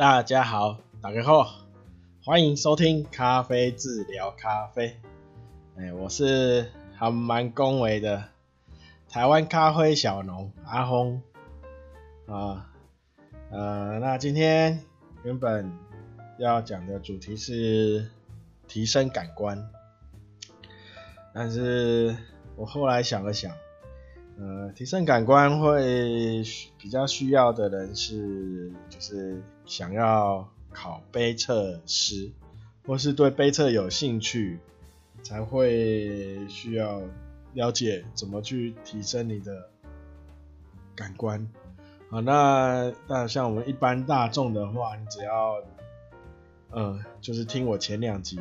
大家好，大家好，歡迎收聽咖啡治療咖啡。哎、欸，我是還蠻恭維的台灣咖啡小農阿鴻啊。呃，那今天原本要講的主題是提升感官，但是我後來想了想，呃，提升感官會比較需要的人是就是。想要考杯測師，或是對杯測有興趣，才會需要了解怎麼去提升你的感官。好，那那像我們一般大眾的話，你只要，呃，就是聽我前兩集，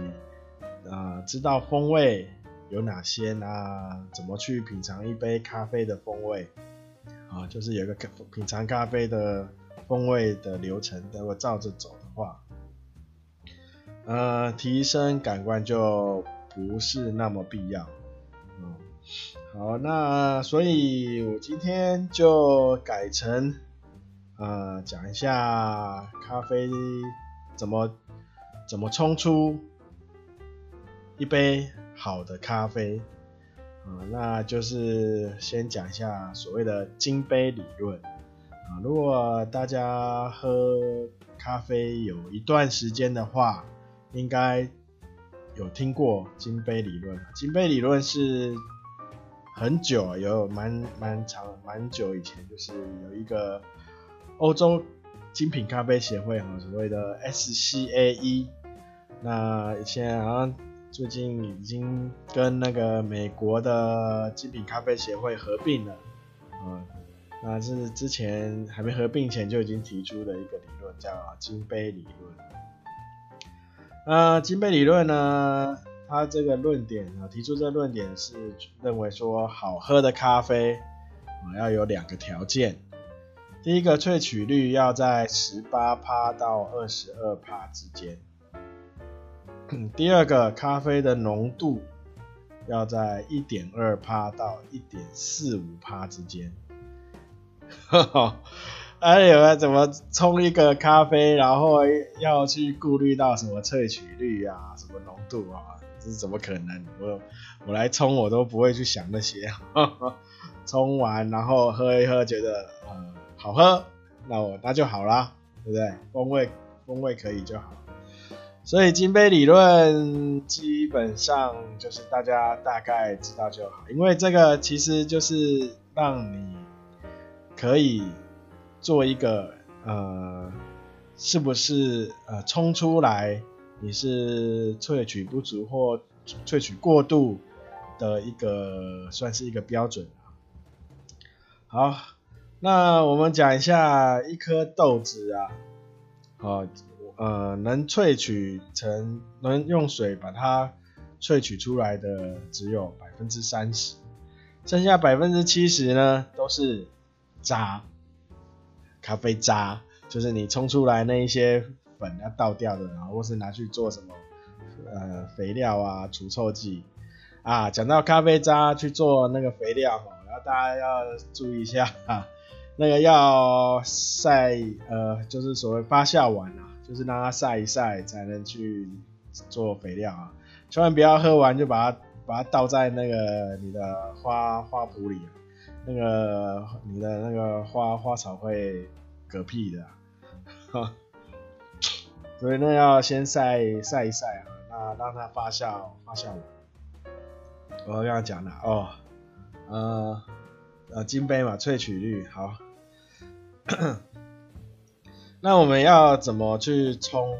啊、呃，知道風味有哪些呢？怎麼去品嘗一杯咖啡的風味？啊，就是有個品嘗咖啡的。風味的流程，如果照着走的話，呃，提升感官就不是那麼必要。嗯，好，那所以我今天就改成，呃，講一下咖啡怎麼怎麼沖出一杯好的咖啡。啊，嗯，那就是先講一下所謂的金杯理論。啊，如果大家喝咖啡有一段時間的話，應該有聽過金杯理論，金杯理論是很久，有蠻蠻長蠻久以前，就是有一個歐洲精品咖啡協會，所謂的 SCAE，那現在好像最近已經跟那個美國的精品咖啡協會合併了，嗯。那是之前還沒合併前就已經提出的一個理論，叫金杯理論。那金杯理論呢？它這個論點啊，提出這個論點是認為說，好喝的咖啡啊要有兩個條件：第一個萃取率要在十八趴到二十二趴之間；第二個咖啡的濃度要在一點二趴到一點四五趴之間。哈， 哎，有怎麼沖一個咖啡，然後要去顧慮到什麼萃取率啊，什麼濃度啊，這是怎麼可能？我我來沖我都不會去想那些，沖 完然後喝一喝，覺得、嗯、好喝，那我那就好啦，對不對？風味風味可以就好。所以金杯理論基本上就是大家大概知道就好，因為這個其實就是讓你。可以做一個呃，是不是呃衝出來？你是萃取不足或萃取過度的一個，算是一個標準。好，那我們講一下一顆豆子啊，呃，能萃取成能用水把它萃取出來的只有百分之三十，剩下百分之七十呢都是。渣，咖啡渣就是你沖出來那一些粉要倒掉的，然後或是拿去做什麼呃肥料啊、除臭劑啊。講到咖啡渣去做那個肥料哦，然後大家要注意一下，啊、那個要曬呃，就是所謂發酵完啊，就是讓它曬一曬才能去做肥料啊，千萬不要喝完就把它把它倒在那個你的花花圃裡。那個你的那個花花草會嗝屁的啊， 所以那要先曬曬一曬啊，那讓它發酵發酵。我剛剛講了哦，呃金杯嘛，萃取率好， 那我們要怎麼去衝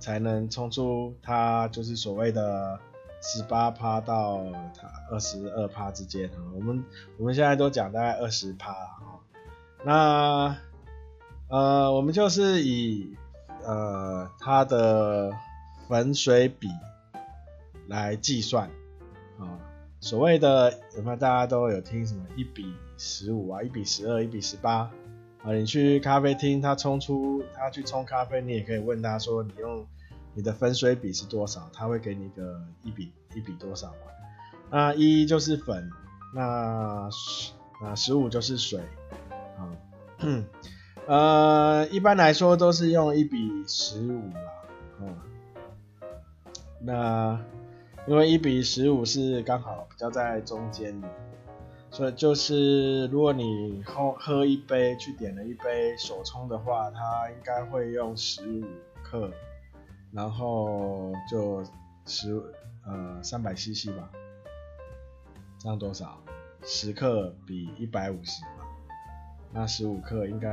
才能衝出它就是所謂的？十八趴到它二十二趴之間哈，我們我們現在都講大概二十趴了啊，那呃我們就是以呃它的粉水比來計算啊，所謂的有沒有大家都有聽什麼一比十五啊，一比十二，一比十八啊，你去咖啡廳他沖出他去沖咖啡，你也可以問他說你用。你的粉水比是多少？他會給你一個一比一比多少嘛？那一就是粉，那十啊十五就是水，啊、嗯，呃，一般來說都是用一比十五啦，嗯，那因為一比十五是剛好比較在中間的，所以就是如果你喝喝一杯去點了一杯手沖的話，它應該會用十五克。然後就十呃，三百 cc 吧，這樣多少？十克比一百五十吧，那十五克應該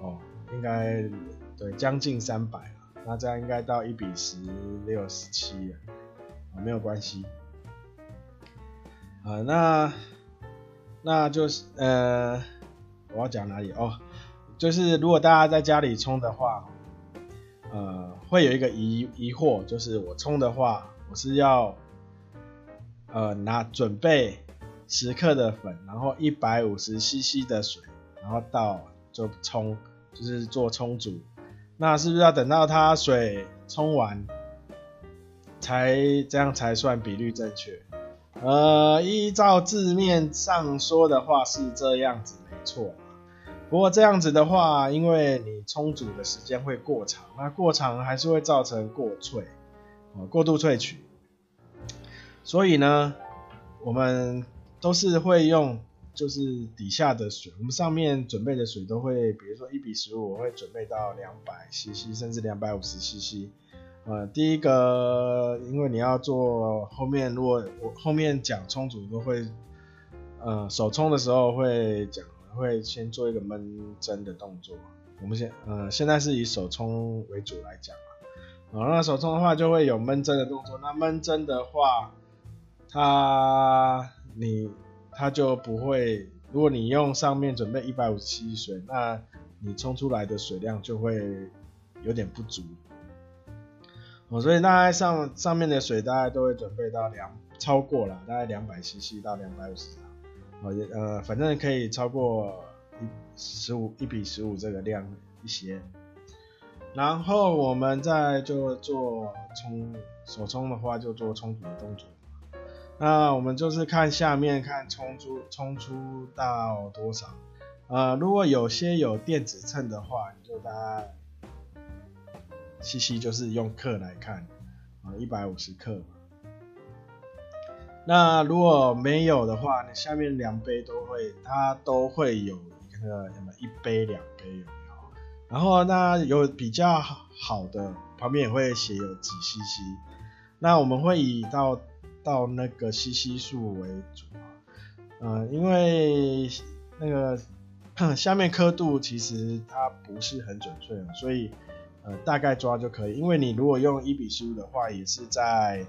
哦，應該對將近三百了。那這樣應該到一比十六十七了，啊、哦、沒有關係啊、呃。那那就是呃我要講哪裡哦？就是如果大家在家裡沖的話。呃，會有一個疑疑惑，就是我沖的話，我是要呃拿準備十克的粉，然後一百五十 CC 的水，然後倒就沖，就是做沖煮，那是不是要等到它水沖完才這樣才算比率正確？呃，依照字面上說的話是這樣子，沒錯。不過這樣子的話，因為你沖煮的時間會過長，那過長還是會造成過萃，過度萃取。所以呢，我們都是會用，就是底下的水，我們上面準備的水都會，比如說一比十五，我會準備到兩百 CC，甚至兩百五十 CC。呃，第一個，因為你要做後面，如果我後面講沖煮都會，呃，手沖的時候會講。會先做一個悶蒸的動作，我們先，呃，現在是以手沖為主來講嘛，好、哦，那手沖的話就會有悶蒸的動作，那悶蒸的話，它你它就不會，如果你用上面準備一百五十 cc 水，那你沖出來的水量就會有點不足，哦，所以大概上上面的水大概都會準備到兩超過了，大概兩百 cc 到兩百五十 cc。好，呃，反正可以超過1十五一比十五這個量一些，然後我們再就做沖手沖的話，就做沖煮動作。那我們就是看下面看沖出沖出到多少，呃，如果有些有電子秤的話，你就大概細細就是用克來看，啊、呃，一百五十克。那如果沒有的話，你下面兩杯都會，它都會有一個什麼一杯兩杯有沒有？然後那有比較好的旁邊也會寫有幾 cc，那我們會以到到那個 cc 數為主啊，呃，因為那個下面刻度其實它不是很準確，所以呃，大概抓就可以，因為你如果用一比十五的話，也是在。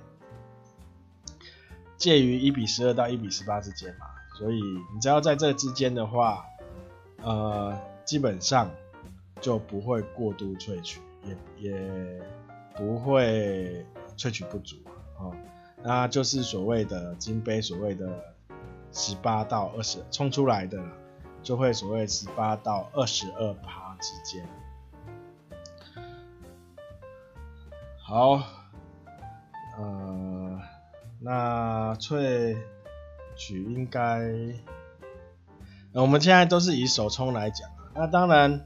介於一比十二到一比十八之間嘛，所以你只要在這之間的話，呃，基本上就不會過度萃取，也也不會萃取不足啊。哦，那就是所謂的金杯，所謂的十八到二十沖出來的啦，就會所謂十八到二十二趴之間。好。那萃取應該，呃，我們現在都是以手沖來講，啊。那當然，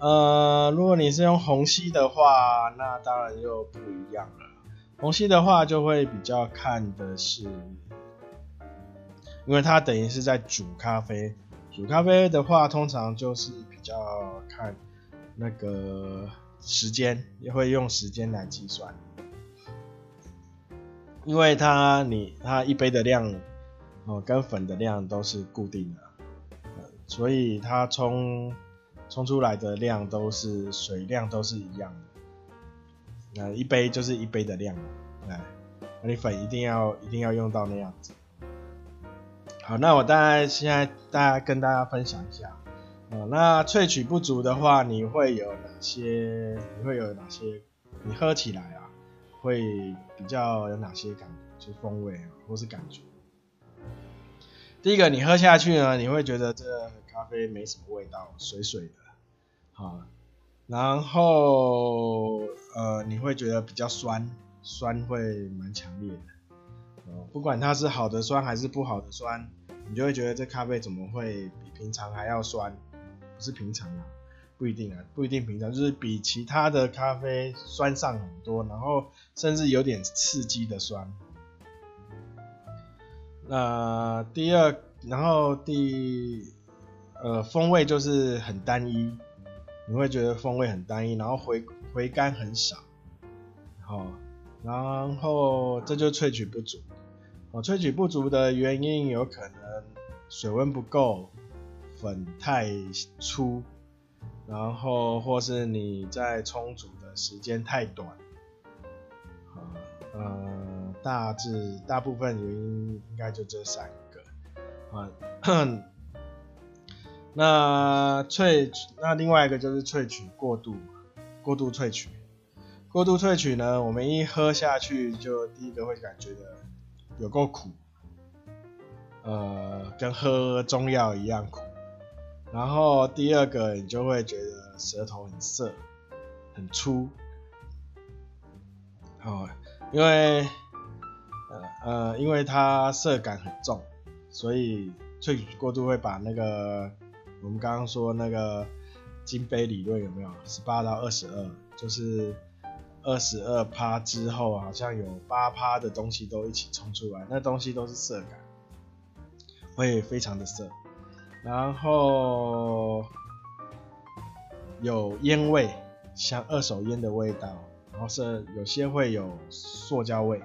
呃，如果你是用虹吸的話，那當然又不一樣了。虹吸的話就會比較看的是，因為它等於是在煮咖啡。煮咖啡的話，通常就是比較看那個時間，也會用時間來計算。因為它你它一杯的量，哦，跟粉的量都是固定的，所以它沖沖出來的量都是水量都是一樣的，那一杯就是一杯的量，哎，那你粉一定要一定要用到那樣子。好，那我大概現在大家跟大家分享一下，嗯，那萃取不足的話，你會有哪些？你會有哪些？你喝起來啊？會比較有哪些感覺，就是風味啊，或是感覺。第一個，你喝下去呢，你會覺得這咖啡沒什麼味道，水水的，好。然後，呃，你會覺得比較酸，酸會蠻強烈的。不管它是好的酸還是不好的酸，你就會覺得這咖啡怎麼會比平常還要酸？不是平常啊。不一定啊，不一定平常就是比其他的咖啡酸上很多，然後甚至有點刺激的酸。那、呃、第二，然後第，呃，風味就是很單一，你會覺得風味很單一，然後回回甘很少，好、哦，然後這就萃取不足。哦，萃取不足的原因有可能水溫不夠，粉太粗。然後，或是你在沖煮的時間太短，呃，大致大部分原因應該就這三個，啊，那萃那另外一個就是萃取過度，過度萃取，過度萃取呢，我們一喝下去就第一個會感覺的有夠苦，呃，跟喝中藥一樣苦。然後第二個，你就會覺得舌頭很澀、很粗，好、哦，因為呃呃，因為它澀感很重，所以萃取過度會把那個我們剛剛說那個金杯理論有沒有？十八到二十二，就是二十二趴之後，好像有八趴的東西都一起衝出來，那東西都是澀感，會非常的澀。然後有煙味，像二手煙的味道，然後是有些會有塑膠味，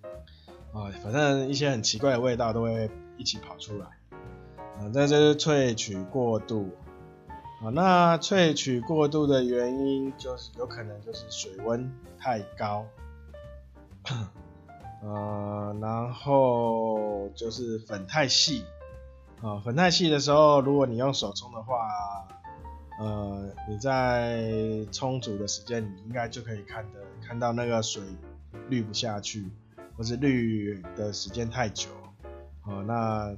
啊、哦，反正一些很奇怪的味道都會一起跑出來，啊、嗯，這就是萃取過度，啊、哦，那萃取過度的原因就是有可能就是水溫太高，嗯、然後就是粉太細。啊，粉太細的時候，如果你用手沖的話，呃，你在沖煮的時間，你應該就可以看得看到那個水濾不下去，或是濾的時間太久。好，那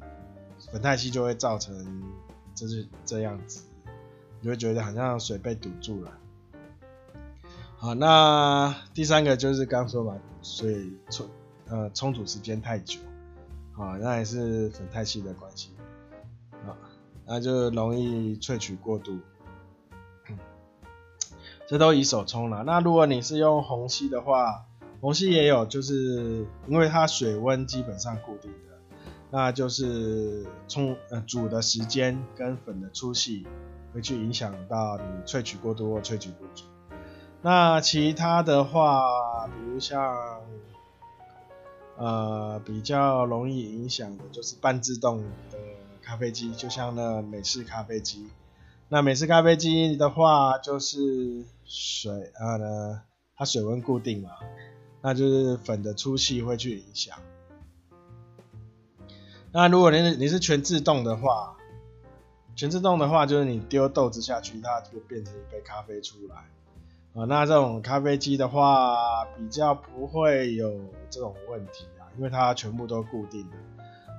粉太細就會造成就是這樣子，你會覺得好像水被堵住了。好，那第三個就是剛說嘛，水沖呃沖煮時間太久，好，那也是粉太細的關係。那就容易萃取過度， 這都以手沖啦。那如果你是用虹吸的話，虹吸也有，就是因為它水溫基本上固定的，那就是沖呃煮的時間跟粉的粗細會去影響到你萃取過度或萃取不足。那其他的話，比如像呃比較容易影響的就是半自動的。咖啡機就像那美式咖啡機，那美式咖啡機的話就是水，然後呢，它水溫固定嘛，那就是粉的粗細會去影響。那如果你你是全自動的話，全自動的話就是你丟豆子下去，它就變成一杯咖啡出來。啊，那這種咖啡機的話比較不會有這種問題啊，因為它全部都固定。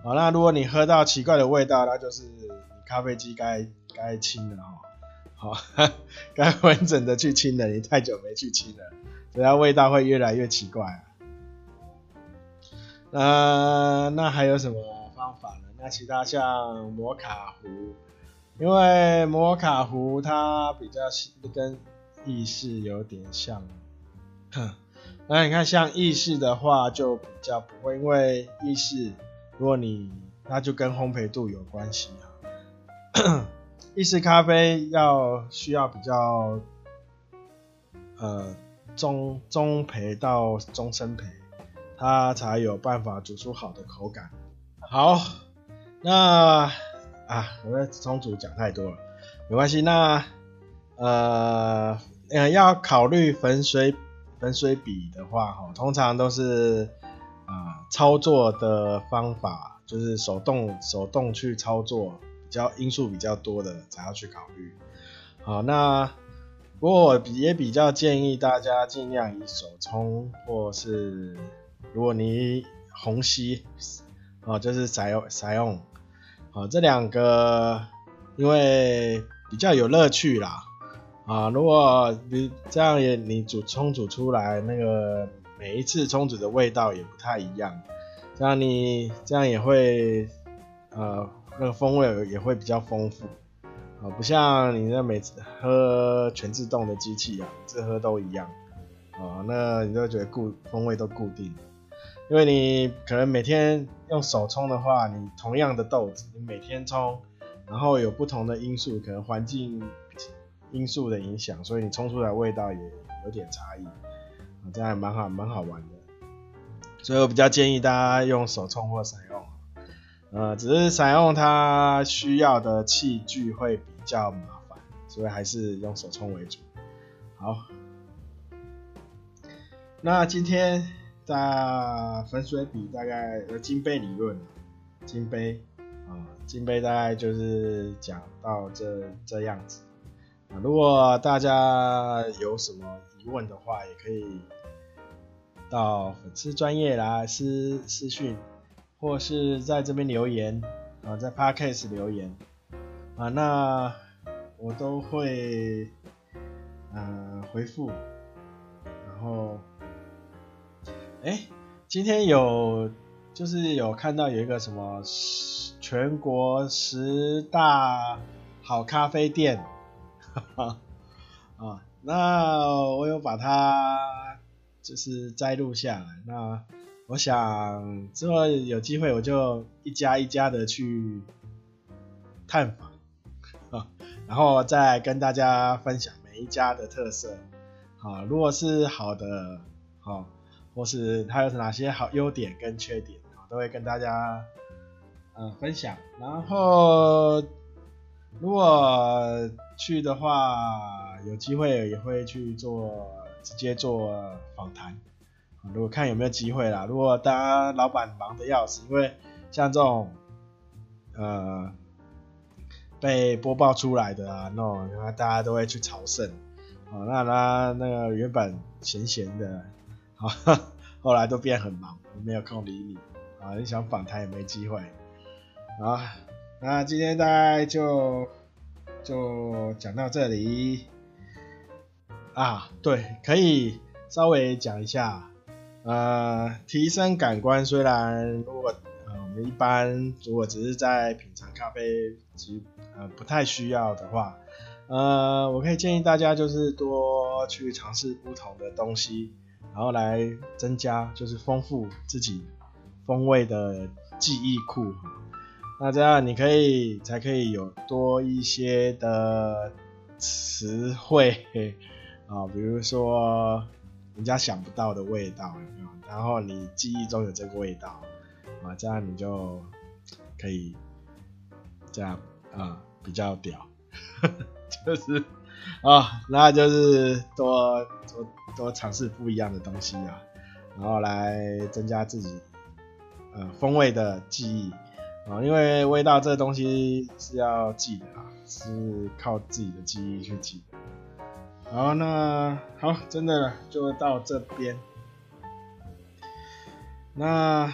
好，那如果你喝到奇怪的味道，那就是你咖啡機該該清了哈、哦。好，該完整的去清了，你太久沒去清了，所以它味道會越來越奇怪啊、呃。那還有什麼方法呢？那其他像摩卡壺，因為摩卡壺它比較跟意式有點像。哼，那你看像意式的話，就比較不會，因為意式。如果你，那就跟烘焙度有關係啊。意 式咖啡要需要比較，呃，中中焙到中深焙，它才有辦法煮出好的口感。好，那啊，我們中途講太多了，沒關係。那呃，要考慮粉水粉水比的話，哈，通常都是。操作的方法就是手動手動去操作，比較因素比較多的才要去考慮。好，那不過我也比較建議大家盡量以手沖或是如果你虹吸哦，就是採用採用好，這兩個，因為比較有樂趣啦啊！如果你這樣也你煮沖煮出來那個，每一次沖煮的味道也不太一樣，這樣你這樣也會，呃，那個風味也會比較豐富，啊、呃，不像你那每次喝全自動的機器啊，每次喝都一樣，啊、呃，那你就會覺得固風味都固定，因為你可能每天用手沖的話，你同樣的豆子，你每天沖，然後有不同的因素，可能環境因素的影響，所以你沖出來的味道也有點差異。這樣還蠻好，蠻好玩的，所以我比較建議大家用手沖或散用，呃，只是散用它需要的器具會比較麻煩，所以還是用手沖為主。好，那今天大粉水比大概金杯理論，金杯啊、呃，金杯大概就是講到這這樣子、呃、如果大家有什麼疑問的話，也可以。到粉絲專頁來私私訊，或是在這邊留言啊，在 Podcast 留言啊，那我都會嗯、呃、回復。然後，哎、欸，今天有就是有看到有一個什麼全國十大好咖啡店，呵呵啊，那我有把它。就是摘錄下來。那我想之後有機會，我就一家一家的去探訪啊，然後再跟大家分享每一家的特色。好、啊，如果是好的，好、啊，或是它有哪些好優點跟缺點，啊，都會跟大家、呃、分享。然後如果去的話，有機會也會去做。直接做訪談，如果看有沒有機會啦。如果大家老板忙的要死，因為像這種，呃，被播報出來的啊，那種，那大家都會去朝聖，好，那他那個原本閒閒的，啊，哈，後來都變很忙，沒有空理你，啊，你想訪談也沒機會，啊，那今天大概就就講到這裡。啊，對，可以稍微講一下，呃，提升感官。雖然如果呃我們一般如果只是在品嘗咖啡，其實呃不太需要的話，呃，我可以建議大家就是多去嘗試不同的東西，然後來增加就是豐富自己風味的記憶庫。那這樣你可以才可以有多一些的詞彙。啊、哦，比如說人家想不到的味道有沒有？然後你記憶中有這個味道，啊、嗯，這樣你就可以這樣啊、嗯，比較屌， 就是啊、哦，那就是多多多嘗試不一樣的東西啊，然後來增加自己呃風味的記憶啊、嗯，因為味道這東西是要記的啊，是靠自己的記憶去記的。好，那好，真的了就到這邊。那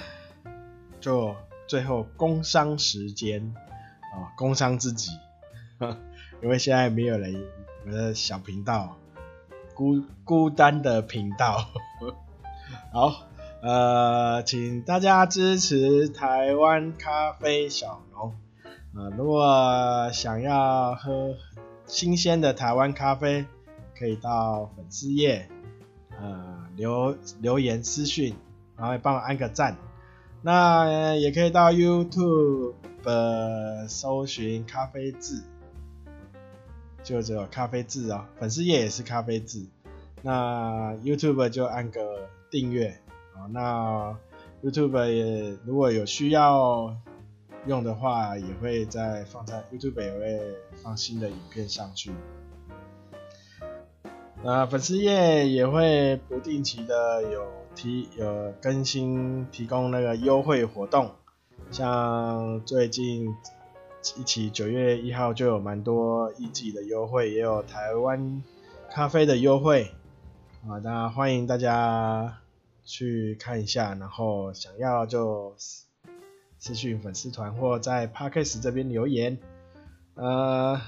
就最後工商時間啊、哦，工商自己因為現在沒有人，我的小頻道孤孤單的頻道呵呵。好，呃，請大家支持台灣咖啡小農啊、呃！如果想要喝新鮮的台灣咖啡。可以到粉絲頁，呃，留留言私訊，然後幫我按個讚。那也可以到 YouTube 搜尋“咖啡誌”，就這咖啡誌哦。粉絲頁也是咖啡誌。那 YouTube 就按個訂閱啊。那 YouTube 也如果有需要用的話，也會再放在 YouTube 也會放新的影片上去。啊、呃，粉絲頁也會不定期的有提有更新，提供那個優惠活動，像最近一期九月一號就有蠻多一季的優惠，也有台灣咖啡的優惠啊、呃，那歡迎大家去看一下，然後想要就私信粉絲團或在 Podcast 這邊留言，呃，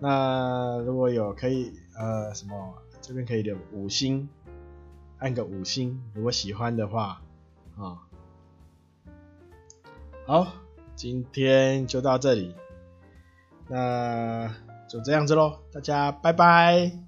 那如果有可以呃什麼。這邊可以留五星，按個五星，如果喜歡的話，啊、哦，好，今天就到這裡，那就這樣子嘍，大家拜拜。